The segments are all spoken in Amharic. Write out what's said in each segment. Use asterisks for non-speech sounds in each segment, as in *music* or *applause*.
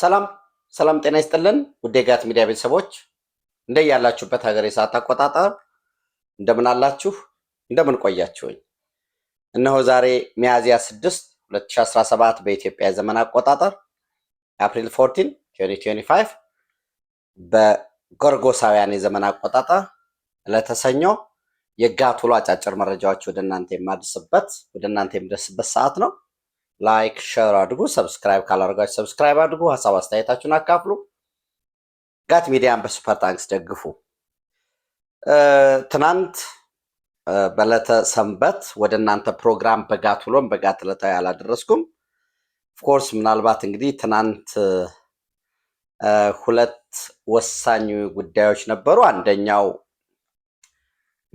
ሰላም ሰላም፣ ጤና ይስጥልን ውድ የጋት ሚዲያ ቤተሰቦች እንደያላችሁበት ሀገር የሰዓት አቆጣጠር እንደምን አላችሁ? እንደምን ቆያችሁኝ? እነሆ ዛሬ ሚያዝያ 6 2017 በኢትዮጵያ ዘመን አቆጣጠር አፕሪል 14 2025 በጎርጎሳውያን የዘመን አቆጣጠር ለተሰኞ የጋት ውሎ አጫጭር መረጃዎች ወደ እናንተ የማደርስበት ወደ እናንተ የምደርስበት ሰዓት ነው። ላይክ ሸር አድርጉ። ሰብስክራይብ ካላደርጋችሁ ሰብስክራይብ አድርጉ። ሀሳብ አስተያየታችሁን አካፍሉ። ጋት ሚዲያን በሱፐር ታንክስ ደግፉ። ትናንት በዕለተ ሰንበት ወደ እናንተ ፕሮግራም በጋት ውሎም በጋት ዕለታዊ አላደረስኩም። ኦፍኮርስ ምናልባት እንግዲህ ትናንት ሁለት ወሳኝ ጉዳዮች ነበሩ። አንደኛው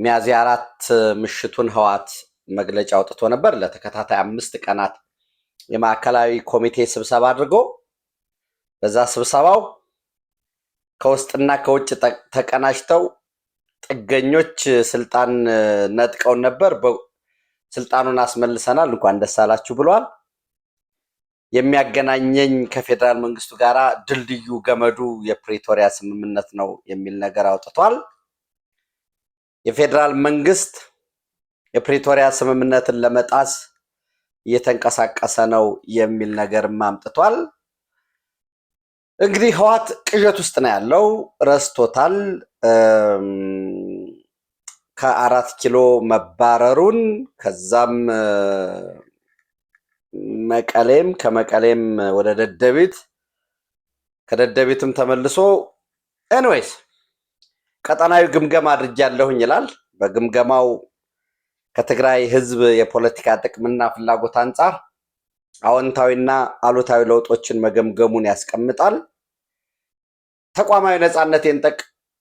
ሚያዝያ አራት ምሽቱን ህዋት መግለጫ አውጥቶ ነበር ለተከታታይ አምስት ቀናት የማዕከላዊ ኮሚቴ ስብሰባ አድርጎ በዛ ስብሰባው ከውስጥና ከውጭ ተቀናጅተው ጥገኞች ስልጣን ነጥቀውን ነበር፣ ስልጣኑን አስመልሰናል፣ እንኳን ደስ አላችሁ ብሏል። የሚያገናኘኝ ከፌዴራል መንግስቱ ጋር ድልድዩ ገመዱ የፕሪቶሪያ ስምምነት ነው የሚል ነገር አውጥቷል። የፌዴራል መንግስት የፕሪቶሪያ ስምምነትን ለመጣስ እየተንቀሳቀሰ ነው የሚል ነገርም አምጥቷል። እንግዲህ ህወሓት ቅዠት ውስጥ ነው ያለው፣ ረስቶታል ከአራት ኪሎ መባረሩን ከዛም መቀሌም ከመቀሌም ወደ ደደቢት ከደደቢትም ተመልሶ ኤንዌይስ ቀጠናዊ ግምገማ ያለሁኝ ይላል። በግምገማው ከትግራይ ህዝብ የፖለቲካ ጥቅምና ፍላጎት አንጻር አዎንታዊና አሉታዊ ለውጦችን መገምገሙን ያስቀምጣል። ተቋማዊ ነፃነቴን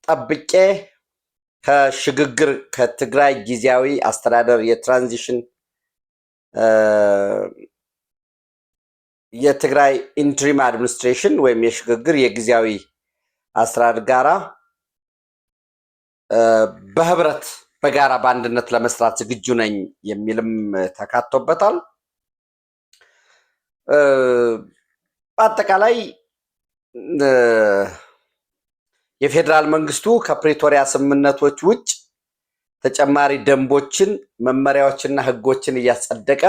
ጠብቄ ከሽግግር ከትግራይ ጊዜያዊ አስተዳደር የትራንዚሽን የትግራይ ኢንትሪም አድሚኒስትሬሽን ወይም የሽግግር የጊዜያዊ አስተዳደር ጋራ በህብረት በጋራ በአንድነት ለመስራት ዝግጁ ነኝ የሚልም ተካቶበታል። በአጠቃላይ የፌዴራል መንግስቱ ከፕሪቶሪያ ስምምነቶች ውጭ ተጨማሪ ደንቦችን፣ መመሪያዎችና ህጎችን እያጸደቀ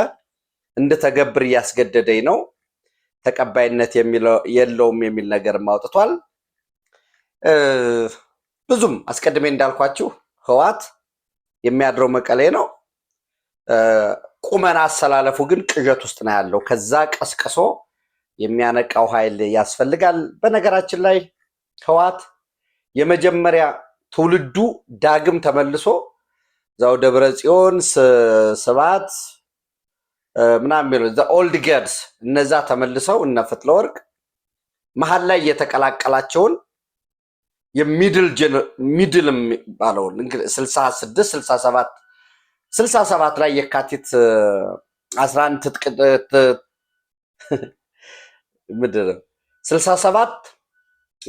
እንድተገብር እያስገደደኝ ነው፣ ተቀባይነት የለውም የሚል ነገርም አውጥቷል። ብዙም አስቀድሜ እንዳልኳችሁ ህወሓት የሚያድረው መቀሌ ነው። ቁመና አሰላለፉ ግን ቅዠት ውስጥ ነው ያለው። ከዛ ቀስቅሶ የሚያነቃው ኃይል ያስፈልጋል። በነገራችን ላይ ህወሓት የመጀመሪያ ትውልዱ ዳግም ተመልሶ እዛው ደብረ ጽዮን ስብሐት ምናምን የሚሉ ኦልድ ገርስ እነዛ ተመልሰው እነ ፍትለወርቅ መሀል ላይ የተቀላቀላቸውን የሚድል ሚድል የሚባለው ስልሳ ስድስት ስልሳ ሰባት ስልሳ ሰባት ላይ የካቲት አስራ አንድ ትጥቅ *laughs* ምድር ስልሳ ሰባት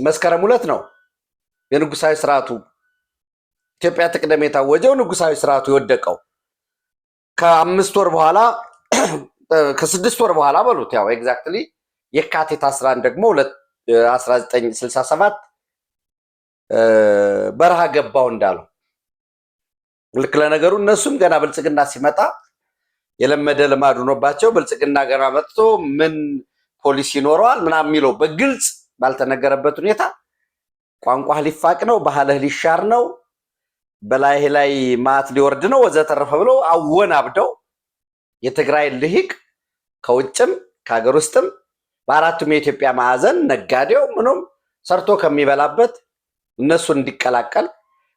መስከረም ሁለት ነው የንጉሳዊ ስርዓቱ ኢትዮጵያ ትቅደም የታወጀው ንጉሳዊ ስርዓቱ የወደቀው ከአምስት ወር በኋላ *clears throat* ከስድስት ወር በኋላ በሉት ያው ኤግዛክትሊ የካቲት አስራ አንድ ደግሞ ሁለት አስራ ዘጠኝ ስልሳ ሰባት በረሃ ገባው እንዳለው ልክ ለነገሩ እነሱም ገና ብልጽግና ሲመጣ የለመደ ልማድ ሆኖባቸው ብልጽግና ገና መጥቶ ምን ፖሊሲ ይኖረዋል ምናምን የሚለው በግልጽ ባልተነገረበት ሁኔታ ቋንቋህ ሊፋቅ ነው፣ ባህልህ ሊሻር ነው፣ በላይህ ላይ ማት ሊወርድ ነው ወዘተረፈ ብለው አወናብደው የትግራይ ልሂቅ ከውጭም ከሀገር ውስጥም በአራቱም የኢትዮጵያ ማዕዘን ነጋዴው ምኖም ሰርቶ ከሚበላበት እነሱን እንዲቀላቀል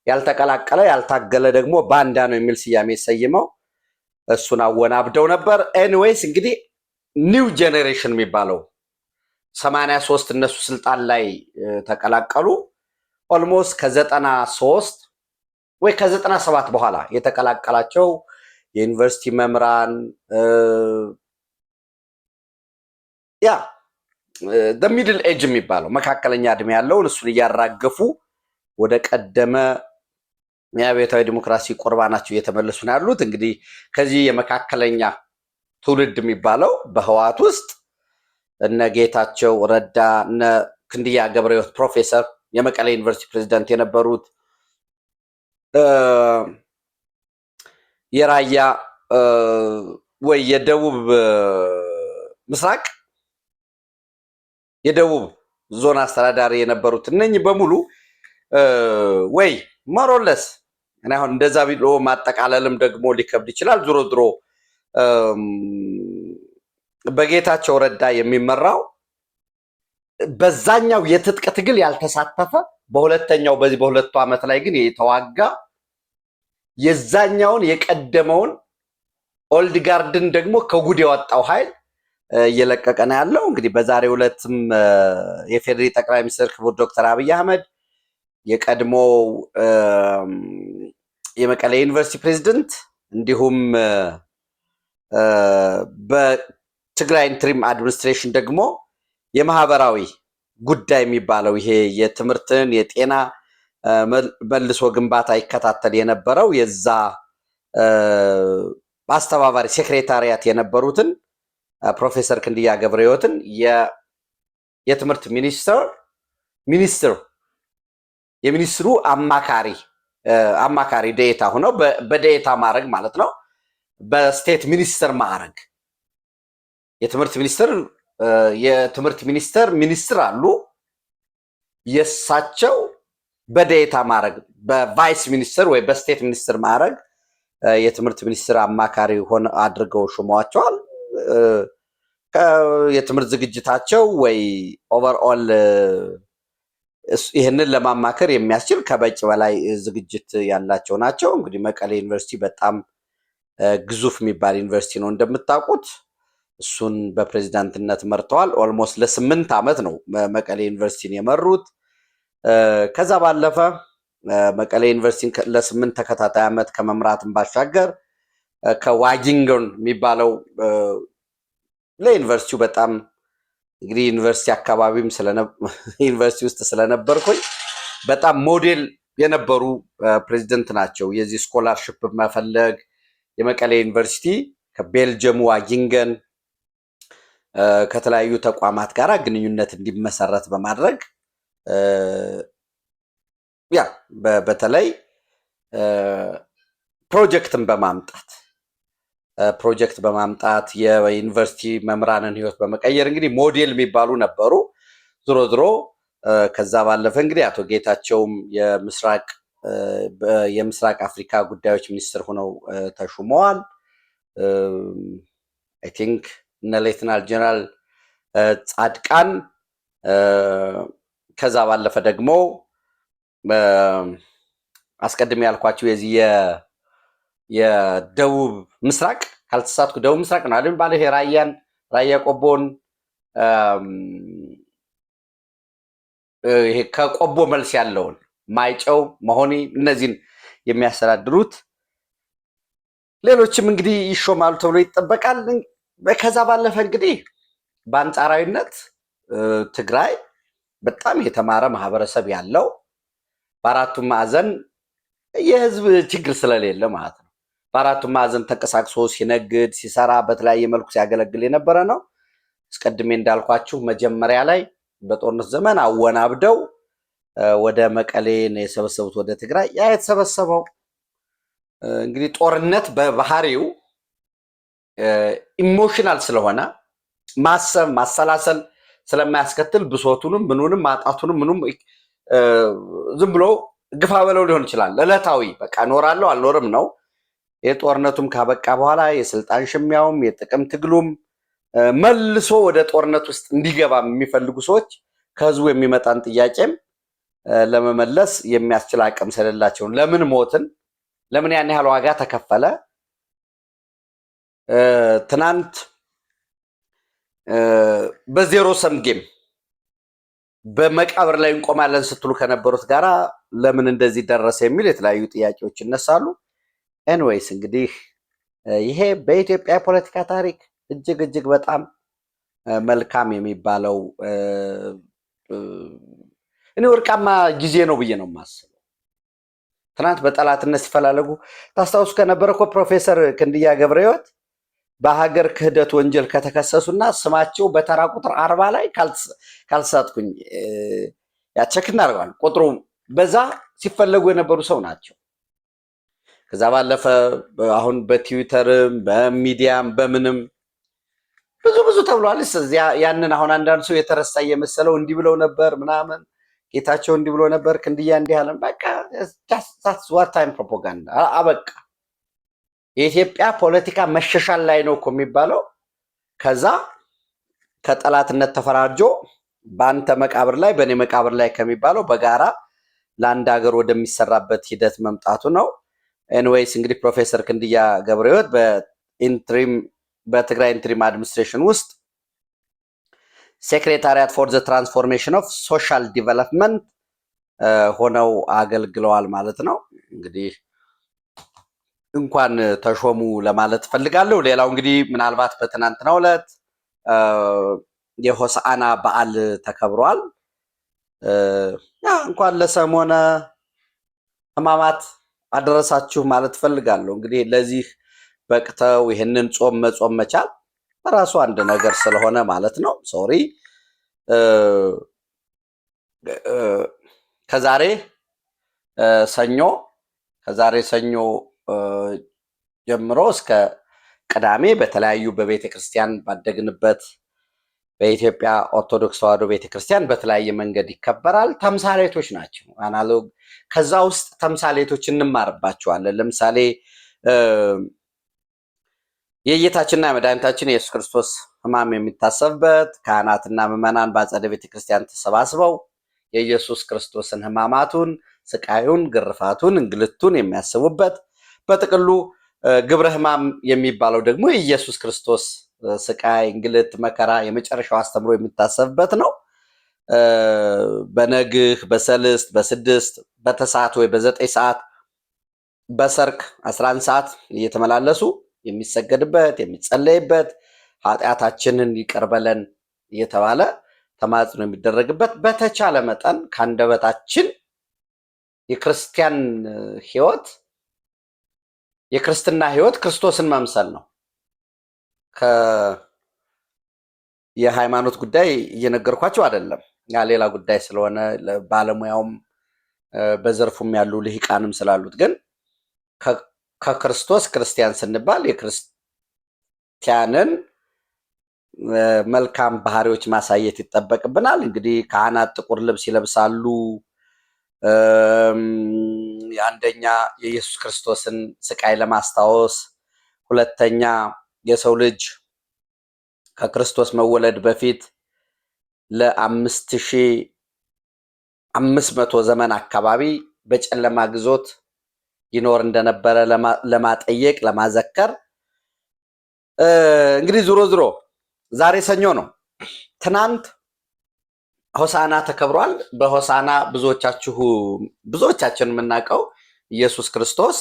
ያልተቀላቀለ ያልታገለ ደግሞ ባንዳ ነው የሚል ስያሜ ሰይመው እሱን አወናብደው ነበር። ኤኒዌይስ እንግዲህ ኒው ጄኔሬሽን የሚባለው ሰማንያ ሶስት እነሱ ስልጣን ላይ ተቀላቀሉ። ኦልሞስት ከዘጠና ሶስት ወይ ከዘጠና ሰባት በኋላ የተቀላቀላቸው የዩኒቨርሲቲ መምህራን ያ ሚድል ኤጅ የሚባለው መካከለኛ እድሜ ያለውን እሱን እያራገፉ ወደ ቀደመ የአብዮታዊ ዲሞክራሲ ቁርባናቸው እየተመለሱ ነው ያሉት። እንግዲህ ከዚህ የመካከለኛ ትውልድ የሚባለው በህወሓት ውስጥ እነ ጌታቸው ረዳ፣ እነ ክንድያ ገብረሕይወት ፕሮፌሰር የመቀሌ ዩኒቨርሲቲ ፕሬዚደንት የነበሩት የራያ ወይ የደቡብ ምስራቅ የደቡብ ዞን አስተዳዳሪ የነበሩት እነኚህ በሙሉ ወይ መሮለስ እኔ አሁን እንደዛ ቢሎ ማጠቃለልም ደግሞ ሊከብድ ይችላል። ዞሮ ዞሮ በጌታቸው ረዳ የሚመራው በዛኛው የትጥቅ ትግል ያልተሳተፈ በሁለተኛው በዚህ በሁለቱ ዓመት ላይ ግን የተዋጋ የዛኛውን የቀደመውን ኦልድ ጋርድን ደግሞ ከጉድ የወጣው ኃይል እየለቀቀ ነው ያለው። እንግዲህ በዛሬው ዕለትም የፌዴሪ ጠቅላይ ሚኒስትር ክቡር ዶክተር አብይ አህመድ የቀድሞው የመቀሌ ዩኒቨርሲቲ ፕሬዚደንት እንዲሁም በትግራይ ኢንትሪም አድሚኒስትሬሽን ደግሞ የማህበራዊ ጉዳይ የሚባለው ይሄ የትምህርትን የጤና መልሶ ግንባታ ይከታተል የነበረው የዛ አስተባባሪ ሴክሬታሪያት የነበሩትን ፕሮፌሰር ክንድያ ገብረ የትምህርት ሚኒስትር ሚኒስትር የሚኒስትሩ አማካሪ አማካሪ ደኤታ ሆነው በደኤታ ማዕረግ ማለት ነው። በስቴት ሚኒስትር ማዕረግ የትምህርት ሚኒስትር የትምህርት ሚኒስትር ሚኒስትር አሉ። የእሳቸው በደኤታ ማዕረግ በቫይስ ሚኒስትር ወይ በስቴት ሚኒስትር ማዕረግ የትምህርት ሚኒስትር አማካሪ ሆነ አድርገው ሹመዋቸዋል። የትምህርት ዝግጅታቸው ወይ ኦቨርኦል ይህንን ለማማከር የሚያስችል ከበቂ በላይ ዝግጅት ያላቸው ናቸው። እንግዲህ መቀሌ ዩኒቨርሲቲ በጣም ግዙፍ የሚባል ዩኒቨርሲቲ ነው እንደምታውቁት። እሱን በፕሬዚዳንትነት መርተዋል። ኦልሞስት ለስምንት ዓመት ነው መቀሌ ዩኒቨርሲቲን የመሩት። ከዛ ባለፈ መቀሌ ዩኒቨርሲቲን ለስምንት ተከታታይ ዓመት ከመምራትን ባሻገር ከዋጊንግን የሚባለው ለዩኒቨርሲቲው በጣም እንግዲህ ዩኒቨርሲቲ አካባቢም ዩኒቨርሲቲ ውስጥ ስለነበርኩኝ በጣም ሞዴል የነበሩ ፕሬዚደንት ናቸው። የዚህ ስኮላርሽፕ መፈለግ የመቀሌ ዩኒቨርሲቲ ከቤልጅየሙ ዋጊንገን ከተለያዩ ተቋማት ጋር ግንኙነት እንዲመሰረት በማድረግ ያ በተለይ ፕሮጀክትን በማምጣት ፕሮጀክት በማምጣት የዩኒቨርሲቲ መምህራንን ህይወት በመቀየር እንግዲህ ሞዴል የሚባሉ ነበሩ። ዝሮ ዝሮ ከዛ ባለፈ እንግዲህ አቶ ጌታቸውም የምስራቅ አፍሪካ ጉዳዮች ሚኒስትር ሆነው ተሹመዋል። አይ ቲንክ እነ ሌትናል ጀነራል ጻድቃን ከዛ ባለፈ ደግሞ አስቀድሜ ያልኳቸው የዚህ የደቡብ ምስራቅ ካልተሳትኩ ደቡብ ምስራቅ ነው አይደል ባለ ራያን ራያ ቆቦን ይሄ ከቆቦ መልስ ያለውን ማይጨው መሆኒ እነዚህን የሚያስተዳድሩት ሌሎችም እንግዲህ ይሾማሉ ተብሎ ይጠበቃል። ከዛ ባለፈ እንግዲህ በአንጻራዊነት ትግራይ በጣም የተማረ ማህበረሰብ ያለው በአራቱ ማዕዘን የህዝብ ችግር ስለሌለ ማለት ነው። በአራቱ ማዕዘን ተንቀሳቅሶ ሲነግድ ሲሰራ በተለያየ መልኩ ሲያገለግል የነበረ ነው። አስቀድሜ እንዳልኳችሁ መጀመሪያ ላይ በጦርነት ዘመን አወናብደው ወደ መቀሌ ነው የሰበሰቡት፣ ወደ ትግራይ። ያ የተሰበሰበው እንግዲህ ጦርነት በባህሪው ኢሞሽናል ስለሆነ ማሰብ ማሰላሰል ስለማያስከትል ብሶቱንም ምኑንም ማጣቱንም ምኑም ዝም ብሎ ግፋ በለው ሊሆን ይችላል። እለታዊ በቃ እኖራለሁ አልኖርም ነው የጦርነቱም ካበቃ በኋላ የስልጣን ሽሚያውም የጥቅም ትግሉም መልሶ ወደ ጦርነት ውስጥ እንዲገባ የሚፈልጉ ሰዎች ከህዝቡ የሚመጣን ጥያቄም ለመመለስ የሚያስችል አቅም ስለሌላቸው ለምን ሞትን? ለምን ያን ያህል ዋጋ ተከፈለ? ትናንት በዜሮ ሰም ጌም በመቃብር ላይ እንቆማለን ስትሉ ከነበሩት ጋራ ለምን እንደዚህ ደረሰ የሚል የተለያዩ ጥያቄዎች ይነሳሉ። ኤንዌይስ እንግዲህ ይሄ በኢትዮጵያ የፖለቲካ ታሪክ እጅግ እጅግ በጣም መልካም የሚባለው እኔ ወርቃማ ጊዜ ነው ብዬ ነው የማስበው። ትናንት በጠላትነት ሲፈላለጉ ታስታውሱ ከነበረ እኮ ፕሮፌሰር ክንድያ ገብረ ሕይወት በሀገር ክህደት ወንጀል ከተከሰሱና ስማቸው በተራ ቁጥር አርባ ላይ ካልተሳትኩኝ ያቸክ እናደርገዋል ቁጥሩ በዛ ሲፈለጉ የነበሩ ሰው ናቸው። ከዛ ባለፈ አሁን በትዊተርም በሚዲያም በምንም ብዙ ብዙ ተብሏል። ያንን አሁን አንዳንድ ሰው የተረሳ እየመሰለው እንዲህ ብለው ነበር ምናምን ጌታቸው እንዲህ ብሎ ነበር ክንድያ እንዲህ አለን። በቃ ዋር ታይም ፕሮፓጋንዳ አበቃ። የኢትዮጵያ ፖለቲካ መሸሻል ላይ ነው እኮ የሚባለው። ከዛ ከጠላትነት ተፈራርጆ በአንተ መቃብር ላይ በእኔ መቃብር ላይ ከሚባለው በጋራ ለአንድ ሀገር ወደሚሰራበት ሂደት መምጣቱ ነው። ኤንዌይስ እንግዲህ ፕሮፌሰር ክንድያ ገብረ በኢንትሪም በትግራይ ኢንትሪም አድሚኒስትሬሽን ውስጥ ሴክሬታሪያት ፎር ዘ ትራንስፎርሜሽን ኦፍ ሶሻል ዲቨሎፕመንት ሆነው አገልግለዋል ማለት ነው። እንግዲህ እንኳን ተሾሙ ለማለት እፈልጋለሁ። ሌላው እንግዲህ ምናልባት በትናንትናው ዕለት የሆሳአና በዓል ተከብሯል። እንኳን ለሰሞነ ሕማማት አደረሳችሁ ማለት ፈልጋለሁ። እንግዲህ ለዚህ በቅተው ይህንን ጾም መጾም መቻል በራሱ አንድ ነገር ስለሆነ ማለት ነው። ሶሪ ከዛሬ ሰኞ ከዛሬ ሰኞ ጀምሮ እስከ ቅዳሜ በተለያዩ በቤተ ክርስቲያን ባደግንበት በኢትዮጵያ ኦርቶዶክስ ተዋሕዶ ቤተክርስቲያን በተለያየ መንገድ ይከበራል። ተምሳሌቶች ናቸው። አናሎግ ከዛ ውስጥ ተምሳሌቶች እንማርባቸዋለን። ለምሳሌ የጌታችንና የመድኃኒታችን የኢየሱስ ክርስቶስ ሕማም የሚታሰብበት ካህናትና ምዕመናን በአጸደ ቤተክርስቲያን ተሰባስበው የኢየሱስ ክርስቶስን ሕማማቱን፣ ስቃዩን፣ ግርፋቱን፣ እንግልቱን የሚያስቡበት በጥቅሉ ግብረ ሕማም የሚባለው ደግሞ የኢየሱስ ክርስቶስ ስቃይ፣ እንግልት፣ መከራ የመጨረሻው አስተምሮ የሚታሰብበት ነው። በነግህ በሰልስት በስድስት በተሰዓት ወይ በዘጠኝ ሰዓት በሰርክ 11 ሰዓት እየተመላለሱ የሚሰገድበት የሚጸለይበት ኃጢአታችንን ይቀርበለን እየተባለ ተማጽኖ የሚደረግበት በተቻለ መጠን ከአንደበታችን የክርስቲያን ህይወት የክርስትና ህይወት ክርስቶስን መምሰል ነው። የሃይማኖት ጉዳይ እየነገርኳቸው አይደለም። ያ ሌላ ጉዳይ ስለሆነ ባለሙያውም በዘርፉም ያሉ ልሂቃንም ስላሉት ግን ከክርስቶስ ክርስቲያን ስንባል የክርስቲያንን መልካም ባህሪዎች ማሳየት ይጠበቅብናል። እንግዲህ ካህናት ጥቁር ልብስ ይለብሳሉ። አንደኛ የኢየሱስ ክርስቶስን ስቃይ ለማስታወስ፣ ሁለተኛ የሰው ልጅ ከክርስቶስ መወለድ በፊት ለአምስት ሺህ አምስት መቶ ዘመን አካባቢ በጨለማ ግዞት ይኖር እንደነበረ ለማጠየቅ ለማዘከር እንግዲህ ዝሮ ዝሮ ዛሬ ሰኞ ነው። ትናንት ሆሳና ተከብሯል። በሆሳና ብዙዎቻችሁ ብዙዎቻችን የምናውቀው ኢየሱስ ክርስቶስ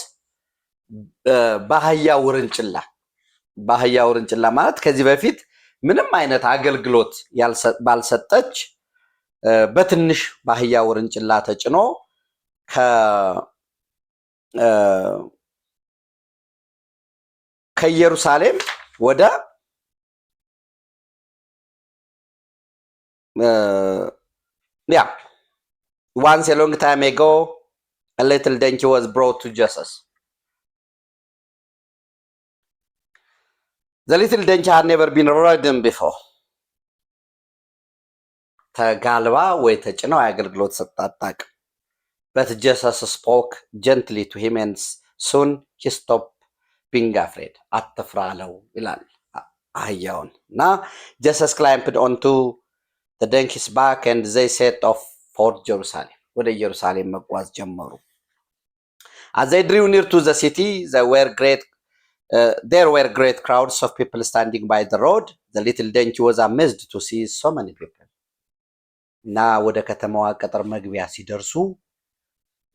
በአህያ ውርንጭላ ባህያ ውርንጭላ ማለት ከዚህ በፊት ምንም አይነት አገልግሎት ባልሰጠች በትንሽ ባህያ ውርንጭላ ተጭኖ ከኢየሩሳሌም ወደ ያ ዋንስ ኤ ታይም ኤጎ ሊትል ደንኪ ወዝ ብሮት ቱ ጀሰስ The little donkey had never been ridden before. ተጋልባ ወይ ተጭነው አገልግሎት ስታጣቅ but Jesus spoke gently to him and soon he stopped being afraid አትፍራ አለው ይላል አህያውን እና Jesus climbed onto the donkey's back and they set off for Jerusalem Jerusalem was መጓዝ ጀመሩ as they drew near to the city there were great ዜር ዌር ግሬት ክራውድስ ኦፍ ፒፕል ስታንዲንግ ባይ ዘ ሮድ ዘ ሊትል ደንኪ ወዝ አሜዝድ ቱ ሲ ሶ መኒ ፒፕል። እና ወደ ከተማዋ ቅጥር መግቢያ ሲደርሱ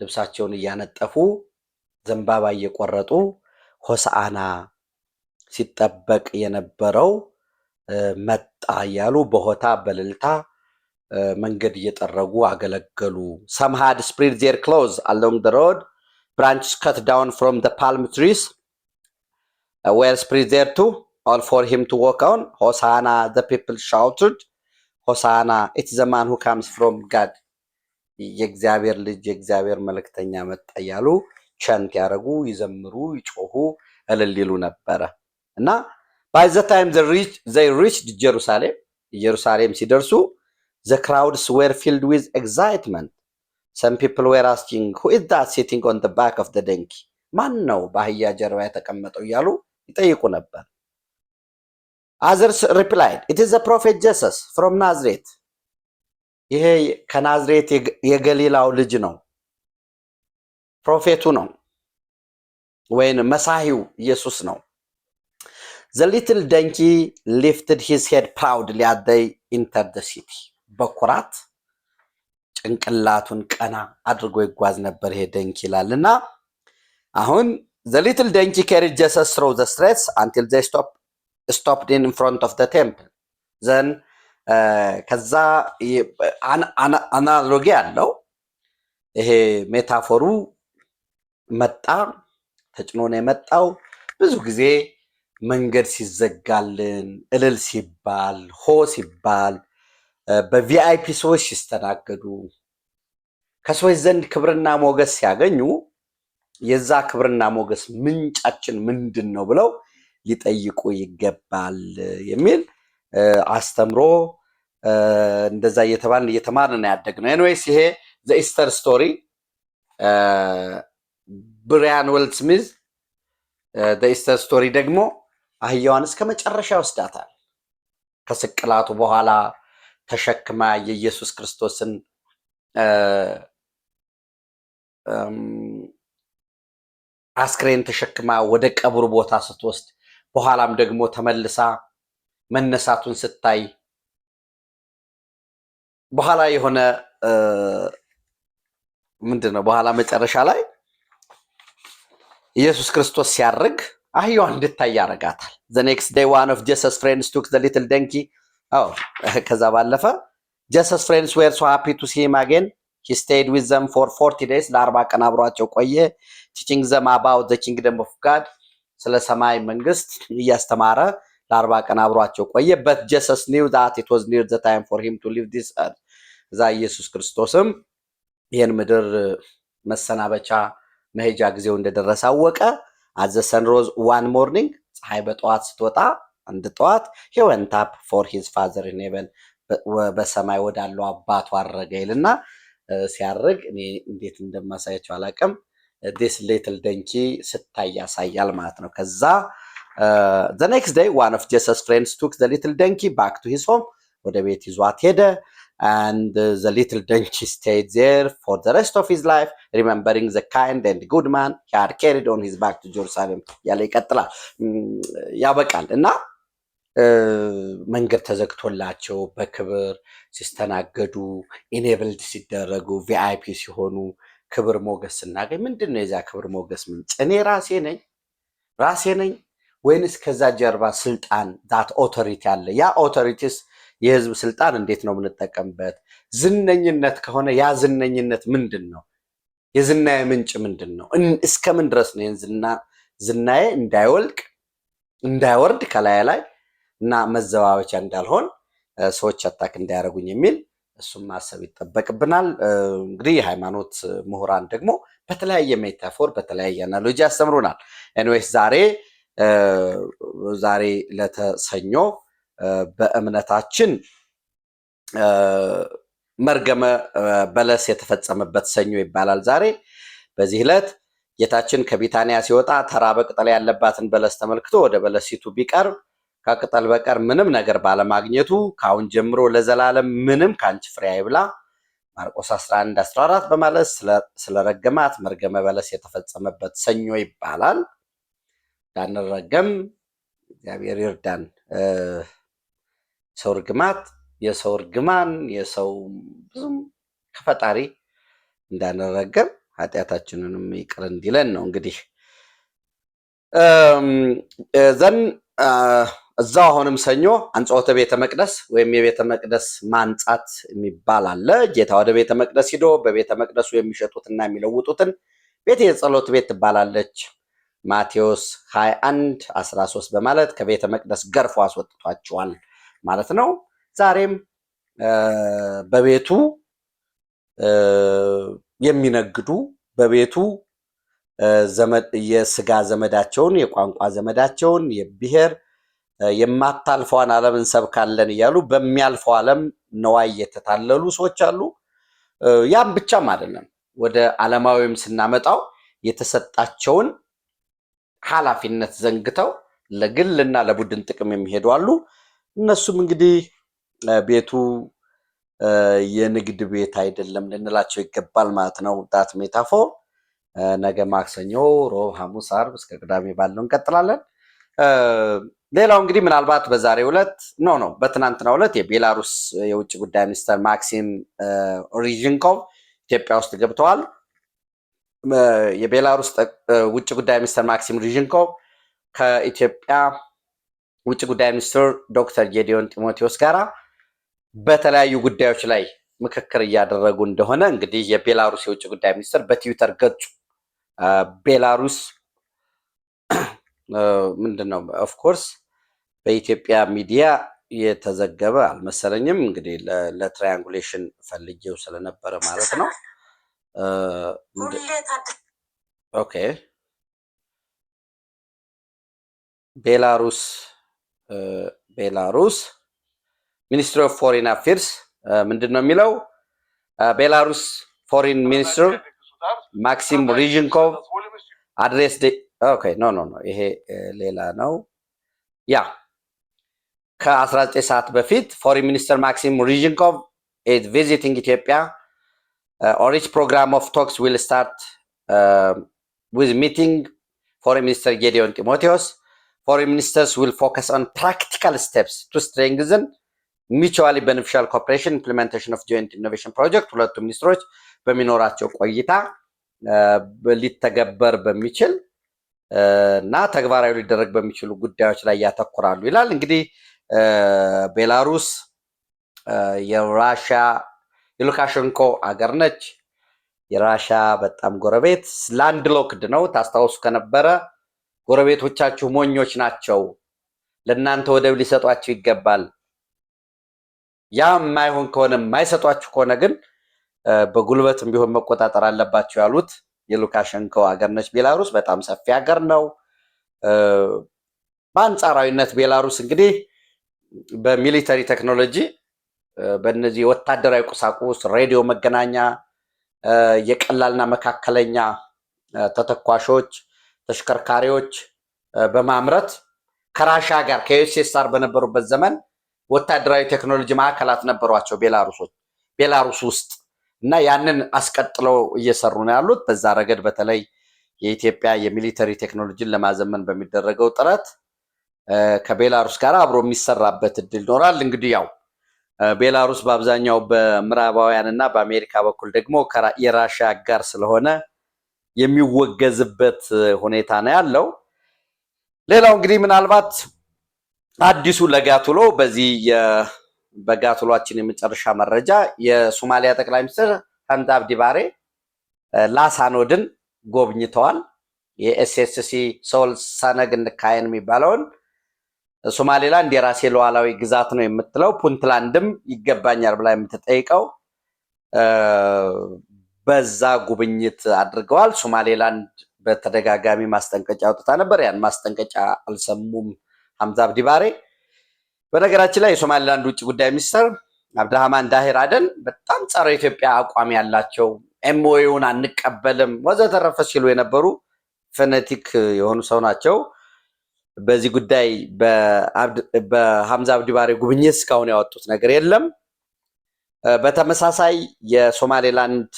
ልብሳቸውን እያነጠፉ ዘንባባ እየቆረጡ ሆሳአና ሲጠበቅ የነበረው uh, መጣ እያሉ በሆታ በልልታ uh, መንገድ እየጠረጉ አገለገሉ። ሰም ሃድ ስፕሪድ ዜር ክሎዝ አሎንግ ዘ ሮድ ብራንችስ ከት ዳውን ፍሮም ፓልም ትሪስ were spread there too, all for him to walk on. Hosanna, the people shouted. Hosanna, it's the man who comes from God. by the time they reached, they reached Jerusalem, ኢየሩሳሌም ሲደርሱ the crowds were filled with excitement. Some people were asking, who is that sitting on the back of the donkey? ማን ነው በአህያ ጀርባ የተቀመጠው Yalu. ይጠይቁ ነበር። አዘርስ ሪፕላይድ ኢት ኢዝ ዘ ፕሮፌት ጀሰስ ፍሮም ናዝሬት፣ ይሄ ከናዝሬት የገሊላው ልጅ ነው፣ ፕሮፌቱ ነው ወይም መሳሂው ኢየሱስ ነው። ዘ ሊትል ደንኪ ሊፍትድ ሂዝ ሄድ ፕራውድሊ አት ኢንተር ደ ሲቲ፣ በኩራት ጭንቅላቱን ቀና አድርጎ ይጓዝ ነበር ይሄ ደንኪ ይላል እና አሁን The little dainty carried Jesus through the streets until they stopped, stopped in front of the temple. Then ከዛ አናሎጊ ያለው ይሄ ሜታፎሩ መጣ ተጭኖ ነው የመጣው። ብዙ ጊዜ መንገድ ሲዘጋልን፣ እልል ሲባል፣ ሆ ሲባል፣ በቪአይፒ ሰዎች ሲስተናገዱ፣ ከሰዎች ዘንድ ክብርና ሞገስ ሲያገኙ የዛ ክብርና ሞገስ ምንጫችን ምንድን ነው ብለው ሊጠይቁ ይገባል የሚል አስተምሮ እንደዛ እየተባልን እየተማርን ነው። ኤንዌይስ ይሄ ዘኢስተር ኢስተር ስቶሪ ብሪያን ዌል ስሚዝ ስቶሪ ደግሞ አህያዋን እስከ መጨረሻ ይወስዳታል። ከስቅላቱ በኋላ ተሸክማ የኢየሱስ ክርስቶስን አስክሬን ተሸክማ ወደ ቀብሩ ቦታ ስትወስድ በኋላም ደግሞ ተመልሳ መነሳቱን ስታይ በኋላ የሆነ ምንድን ነው በኋላ መጨረሻ ላይ ኢየሱስ ክርስቶስ ሲያርግ አህያዋ እንድታይ ያደርጋታል። ዘ ኔክስት ዴይ ዋን ኦፍ ጀሰስ ፍሬንድስ ቱክ ዘ ሊትል ደንኪ። ከዛ ባለፈ ጀሰስ ፍሬንድስ ዌር ሶ ሃፒ ቱ ሲ ሂም አጌን ሂ ስቴይድ ዊዝ ዘም ፎር ፎርቲ ዴይስ ለአርባ ቀን አብሯቸው ቆየ። ቲቺንግ ዘም አባውት ዘ ኪንግደም ኦፍ ጋድ ስለ ሰማይ መንግስት እያስተማረ ለአርባ ቀን አብሯቸው ቆየ። በት ጀሰስ ኒው ዛት ኢት ዋዝ ኒር ዘ ታይም ፎር ሂም ቱ ሊቭ ዲስ አርዝ እዛ ኢየሱስ ክርስቶስም ይህን ምድር መሰናበቻ መሄጃ ጊዜው እንደደረሰ አወቀ። አዘ ሰንሮዝ ዋን ሞርኒንግ ፀሐይ በጠዋት ስትወጣ አንድ ጠዋት ሄወንታፕ ፎር ሂዝ ፋዘር ኢን ሄቨን በሰማይ ወዳለው አባቱ አረገ ይልና ሲያደርግ እኔ እንዴት እንደማሳያቸው አላውቅም። ዲስ ሌትል ደንኪ ስታይ ያሳያል ማለት ነው። ከዛ ዘ ኔክስት ዴይ ዋን ኦፍ ጄሰስ ፍሬንድስ ቱክ ዘ ሊትል ደንኪ ባክ ቱ ሂዝ ሆም ወደ ቤት ይዟት ሄደ። and the little donkey stayed there for the rest of his life remembering the kind and good man he had carried on his back to Jerusalem ያለ ይቀጥላል ያበቃል እና መንገድ ተዘግቶላቸው በክብር ሲስተናገዱ ኢኔብልድ ሲደረጉ ቪአይፒ ሲሆኑ ክብር ሞገስ ስናገኝ ምንድን ነው የዚያ ክብር ሞገስ ምንጭ? እኔ ራሴ ነኝ ራሴ ነኝ ወይንስ ከዛ ጀርባ ስልጣን ዛት ኦቶሪቲ አለ? ያ ኦቶሪቲስ የህዝብ ስልጣን እንዴት ነው የምንጠቀምበት? ዝነኝነት ከሆነ ያ ዝነኝነት ምንድን ነው? የዝናዬ ምንጭ ምንድን ነው? እስከምን ድረስ ነው ዝናዬ እንዳይወልቅ እንዳይወርድ ከላይ ላይ እና መዘባበቻ እንዳልሆን ሰዎች አታክ እንዳያደርጉኝ የሚል እሱም ማሰብ ይጠበቅብናል። እንግዲህ የሃይማኖት ምሁራን ደግሞ በተለያየ ሜታፎር በተለያየ አናሎጂ ያስተምሩናል። ኤንዌስ ዛሬ ዛሬ ለተሰኞ በእምነታችን መርገመ በለስ የተፈጸመበት ሰኞ ይባላል። ዛሬ በዚህ ዕለት ጌታችን ከቢታንያ ሲወጣ ተራ በቅጠላ ያለባትን በለስ ተመልክቶ ወደ በለሲቱ ቢቀርብ ከቅጠል በቀር ምንም ነገር ባለማግኘቱ ከአሁን ጀምሮ ለዘላለም ምንም ከአንቺ ፍሬ አይብላ ማርቆስ 11 14 በማለት ስለረገማት መርገመ በለስ የተፈጸመበት ሰኞ ይባላል። እንዳንረገም እግዚአብሔር ይርዳን። ሰው እርግማት የሰው እርግማን የሰው ብዙም ከፈጣሪ እንዳንረገም ኃጢአታችንንም ይቅር እንዲለን ነው እንግዲህ ዘን እዛው አሁንም ሰኞ አንጽሖተ ቤተ መቅደስ ወይም የቤተ መቅደስ ማንጻት የሚባል አለ። ጌታ ወደ ቤተ መቅደስ ሂዶ በቤተ መቅደሱ የሚሸጡትና የሚለውጡትን ቤት የጸሎት ቤት ትባላለች። ማቴዎስ 21 13 በማለት ከቤተ መቅደስ ገርፎ አስወጥቷቸዋል ማለት ነው። ዛሬም በቤቱ የሚነግዱ በቤቱ የስጋ ዘመዳቸውን፣ የቋንቋ ዘመዳቸውን፣ የብሔር የማታልፈዋን ዓለም እንሰብካለን እያሉ በሚያልፈው ዓለም ነዋይ የተታለሉ ሰዎች አሉ። ያም ብቻም አይደለም፣ ወደ ዓለማዊም ስናመጣው የተሰጣቸውን ኃላፊነት ዘንግተው ለግልና ለቡድን ጥቅም የሚሄዱ አሉ። እነሱም እንግዲህ ቤቱ የንግድ ቤት አይደለም ልንላቸው ይገባል ማለት ነው። ዳት ሜታፎር ነገ ማክሰኞ፣ ሮብ፣ ሐሙስ፣ አርብ እስከ ቅዳሜ ባለው እንቀጥላለን። ሌላው እንግዲህ ምናልባት በዛሬ ዕለት ኖ ኖ በትናንትና ዕለት የቤላሩስ የውጭ ጉዳይ ሚኒስትር ማክሲም ሪዥንኮቭ ኢትዮጵያ ውስጥ ገብተዋል። የቤላሩስ ውጭ ጉዳይ ሚኒስትር ማክሲም ሪዥንኮቭ ከኢትዮጵያ ውጭ ጉዳይ ሚኒስትር ዶክተር ጌዲዮን ጢሞቴዎስ ጋራ በተለያዩ ጉዳዮች ላይ ምክክር እያደረጉ እንደሆነ እንግዲህ የቤላሩስ የውጭ ጉዳይ ሚኒስትር በትዊተር ገጹ ቤላሩስ ምንድን ነው ኦፍኮርስ በኢትዮጵያ ሚዲያ የተዘገበ አልመሰለኝም። እንግዲህ ለትራያንጉሌሽን ፈልጌው ስለነበረ ማለት ነው። ኦኬ ቤላሩስ ቤላሩስ ሚኒስትሪ ኦፍ ፎሪን አፌርስ ምንድን ነው የሚለው? ቤላሩስ ፎሪን ሚኒስትር ማክሲም ሪዥንኮቭ አድሬስ ኦኬ ኖ ኖ ኖ ይሄ ሌላ ነው። ያ ከ19 ሰዓት በፊት ፎሪን ሚኒስተር ማክሲም ሪዥንኮቭ ኢዝ ቪዚቲንግ ኢትዮጵያ ኦሪች ፕሮግራም ኦፍ ቶክስ ዊል ስታርት ዊዝ ሚቲንግ ፎሪን ሚኒስተር ጌዲዮን ጢሞቴዎስ ፎሪን ሚኒስተርስ ዊል ፎከስ ኦን ፕራክቲካል ስቴፕስ ቱ ስትሬንግዝን ሚቹዋሊ ቤኔፊሻል ኮኦፕሬሽን ኢምፕሊሜንቴሽን ኦፍ ጆይንት ኢኖቬሽን ፕሮጀክት ሁለቱ ሚኒስትሮች በሚኖራቸው ቆይታ ሊተገበር በሚችል እና ተግባራዊ ሊደረግ በሚችሉ ጉዳዮች ላይ ያተኩራሉ ይላል። እንግዲህ ቤላሩስ የራሻ የሉካሸንኮ አገር ነች። የራሻ በጣም ጎረቤት ላንድ ሎክድ ነው። ታስታውሱ ከነበረ ጎረቤቶቻችሁ ሞኞች ናቸው፣ ለእናንተ ወደብ ሊሰጧችሁ ይገባል። ያ የማይሆን ከሆነ የማይሰጧችሁ ከሆነ ግን በጉልበትም ቢሆን መቆጣጠር አለባቸው ያሉት የሉካሸንኮ ሀገር ነች። ቤላሩስ በጣም ሰፊ ሀገር ነው። በአንጻራዊነት ቤላሩስ እንግዲህ በሚሊተሪ ቴክኖሎጂ በእነዚህ ወታደራዊ ቁሳቁስ፣ ሬዲዮ መገናኛ፣ የቀላልና መካከለኛ ተተኳሾች፣ ተሽከርካሪዎች በማምረት ከራሻ ጋር ከዩኤስኤስአር በነበሩበት ዘመን ወታደራዊ ቴክኖሎጂ ማዕከላት ነበሯቸው ቤላሩሶች ቤላሩስ ውስጥ እና ያንን አስቀጥለው እየሰሩ ነው ያሉት። በዛ ረገድ በተለይ የኢትዮጵያ የሚሊተሪ ቴክኖሎጂን ለማዘመን በሚደረገው ጥረት ከቤላሩስ ጋር አብሮ የሚሰራበት እድል ይኖራል። እንግዲህ ያው ቤላሩስ በአብዛኛው በምዕራባውያን እና በአሜሪካ በኩል ደግሞ የራሽያ አጋር ስለሆነ የሚወገዝበት ሁኔታ ነው ያለው። ሌላው እንግዲህ ምናልባት አዲሱ ለጋት ውሎ በዚህ በጋት የመጨረሻ መረጃ የሶማሊያ ጠቅላይ ሚኒስትር ሐምዛ አብዲ ባሬ ላሳኖድን ጎብኝተዋል። የኤስኤስሲ ሶል ሰነግ እንካየን የሚባለውን ሶማሌላንድ የራሴ ሉዓላዊ ግዛት ነው የምትለው ፑንትላንድም ይገባኛል ብላ የምትጠይቀው በዛ ጉብኝት አድርገዋል። ሶማሌላንድ በተደጋጋሚ ማስጠንቀጫ አውጥታ ነበር። ያን ማስጠንቀጫ አልሰሙም ሐምዛ አብዲ በነገራችን ላይ የሶማሊላንድ ውጭ ጉዳይ ሚኒስትር አብድራህማን ዳሂር አደን በጣም ጸረ ኢትዮጵያ አቋም ያላቸው ኤምኦኤውን አንቀበልም ወዘተረፈ ሲሉ የነበሩ ፈነቲክ የሆኑ ሰው ናቸው። በዚህ ጉዳይ በሀምዛ አብዲባሪ ጉብኝት እስካሁን ያወጡት ነገር የለም። በተመሳሳይ የሶማሌላንድ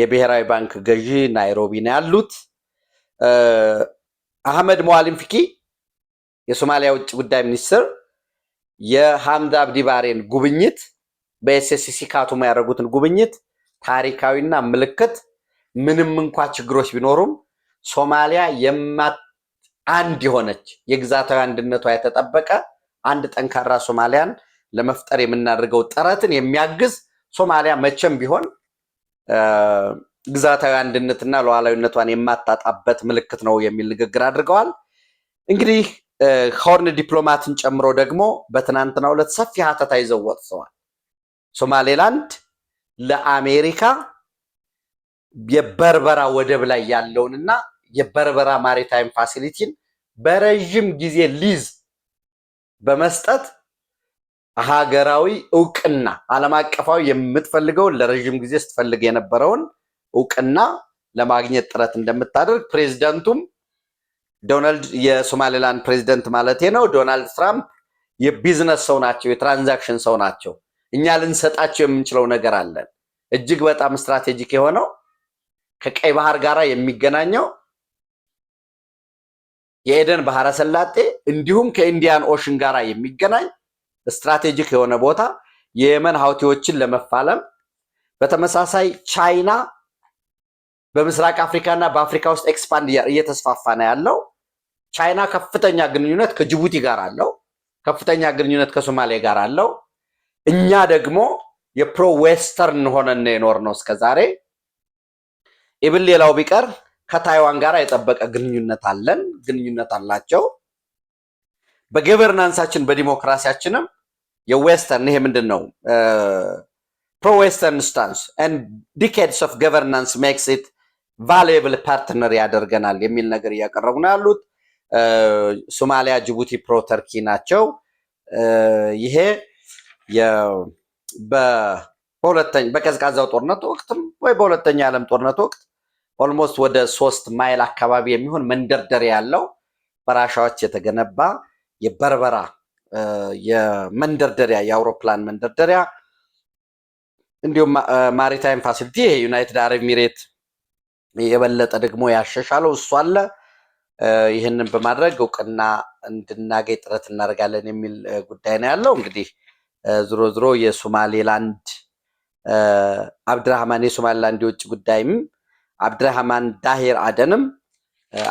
የብሔራዊ ባንክ ገዢ ናይሮቢ ነው ያሉት። አህመድ ሞዋሊም ፊኪ የሶማሊያ ውጭ ጉዳይ ሚኒስትር የሐምዛ ባሬን ጉብኝት በኤስኤስሲ ካቱማ ያደረጉትን ጉብኝት ታሪካዊና ምልክት ምንም እንኳ ችግሮች ቢኖሩም ሶማሊያ የማት አንድ የሆነች የግዛታዊ አንድነቷ የተጠበቀ አንድ ጠንካራ ሶማሊያን ለመፍጠር የምናደርገው ጥረትን የሚያግዝ ሶማሊያ መቼም ቢሆን ግዛታዊ አንድነትና ሉዓላዊነቷን የማታጣበት ምልክት ነው የሚል ንግግር አድርገዋል። እንግዲህ ሆርን ዲፕሎማትን ጨምሮ ደግሞ በትናንትናው ዕለት ሰፊ ሀተታ ይዘው ወጥተዋል። ሶማሌላንድ ለአሜሪካ የበርበራ ወደብ ላይ ያለውንና የበርበራ ማሪታይም ፋሲሊቲን በረዥም ጊዜ ሊዝ በመስጠት ሀገራዊ እውቅና ዓለም አቀፋዊ የምትፈልገውን ለረዥም ጊዜ ስትፈልግ የነበረውን እውቅና ለማግኘት ጥረት እንደምታደርግ ፕሬዚደንቱም ዶናልድ የሶማሌላንድ ፕሬዚደንት ማለት ነው። ዶናልድ ትራምፕ የቢዝነስ ሰው ናቸው፣ የትራንዛክሽን ሰው ናቸው። እኛ ልንሰጣቸው የምንችለው ነገር አለን። እጅግ በጣም ስትራቴጂክ የሆነው ከቀይ ባህር ጋር የሚገናኘው የኤደን ባህረ ሰላጤ እንዲሁም ከኢንዲያን ኦሽን ጋር የሚገናኝ ስትራቴጂክ የሆነ ቦታ የየመን ሀውቲዎችን ለመፋለም በተመሳሳይ ቻይና በምስራቅ አፍሪካ እና በአፍሪካ ውስጥ ኤክስፓንድ እየተስፋፋ ነው ያለው። ቻይና ከፍተኛ ግንኙነት ከጅቡቲ ጋር አለው፣ ከፍተኛ ግንኙነት ከሶማሌ ጋር አለው። እኛ ደግሞ የፕሮ ዌስተርን ሆነን የኖር ነው እስከዛሬ። ኢብን ሌላው ቢቀር ከታይዋን ጋር የጠበቀ ግንኙነት አለን፣ ግንኙነት አላቸው። በገቨርናንሳችን በዲሞክራሲያችንም የዌስተርን ይሄ ምንድን ነው ፕሮ ዌስተርን ስታንስ ኤንድ ዲኬድስ ኦፍ ገቨርናንስ ሜክስ ኢት ቫሉዌብል ፓርትነር ያደርገናል የሚል ነገር እያቀረቡ ነው ያሉት። ሶማሊያ፣ ጅቡቲ ፕሮ ተርኪ ናቸው። ይሄ በቀዝቃዛው ጦርነት ወቅትም ወይ በሁለተኛ የዓለም ጦርነት ወቅት ኦልሞስት ወደ ሶስት ማይል አካባቢ የሚሆን መንደርደሪያ ያለው በራሻዎች የተገነባ የበርበራ የመንደርደሪያ የአውሮፕላን መንደርደሪያ እንዲሁም ማሪታይም ፋሲሊቲ ይሄ ዩናይትድ አረብ ኤሚሬት የበለጠ ደግሞ ያሸሻለው እሱ አለ። ይህንን በማድረግ እውቅና እንድናገኝ ጥረት እናደርጋለን የሚል ጉዳይ ነው ያለው። እንግዲህ ዝሮ ዝሮ የሶማሌላንድ አብድራህማን የሶማሌላንድ የውጭ ጉዳይም አብድራህማን ዳሄር አደንም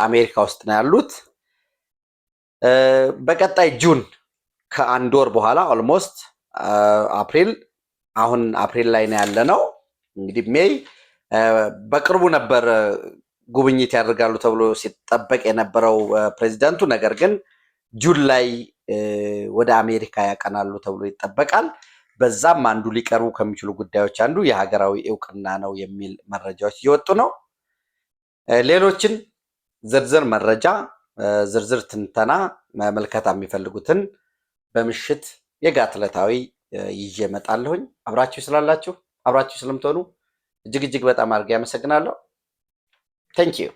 አሜሪካ ውስጥ ነው ያሉት። በቀጣይ ጁን ከአንድ ወር በኋላ ኦልሞስት አፕሪል አሁን አፕሪል ላይ ነው ያለ ነው። እንግዲህ ሜይ በቅርቡ ነበር ጉብኝት ያደርጋሉ ተብሎ ሲጠበቅ የነበረው ፕሬዚዳንቱ ነገር ግን ጁን ላይ ወደ አሜሪካ ያቀናሉ ተብሎ ይጠበቃል። በዛም አንዱ ሊቀርቡ ከሚችሉ ጉዳዮች አንዱ የሀገራዊ እውቅና ነው የሚል መረጃዎች እየወጡ ነው። ሌሎችን ዝርዝር መረጃ፣ ዝርዝር ትንተና፣ መልከታ የሚፈልጉትን በምሽት የጋት ዕለታዊ ይዤ እመጣለሁኝ። አብራችሁ ስላላችሁ አብራችሁ ስለምትሆኑ እጅግ እጅግ በጣም አድርጌ አመሰግናለሁ። Thank you.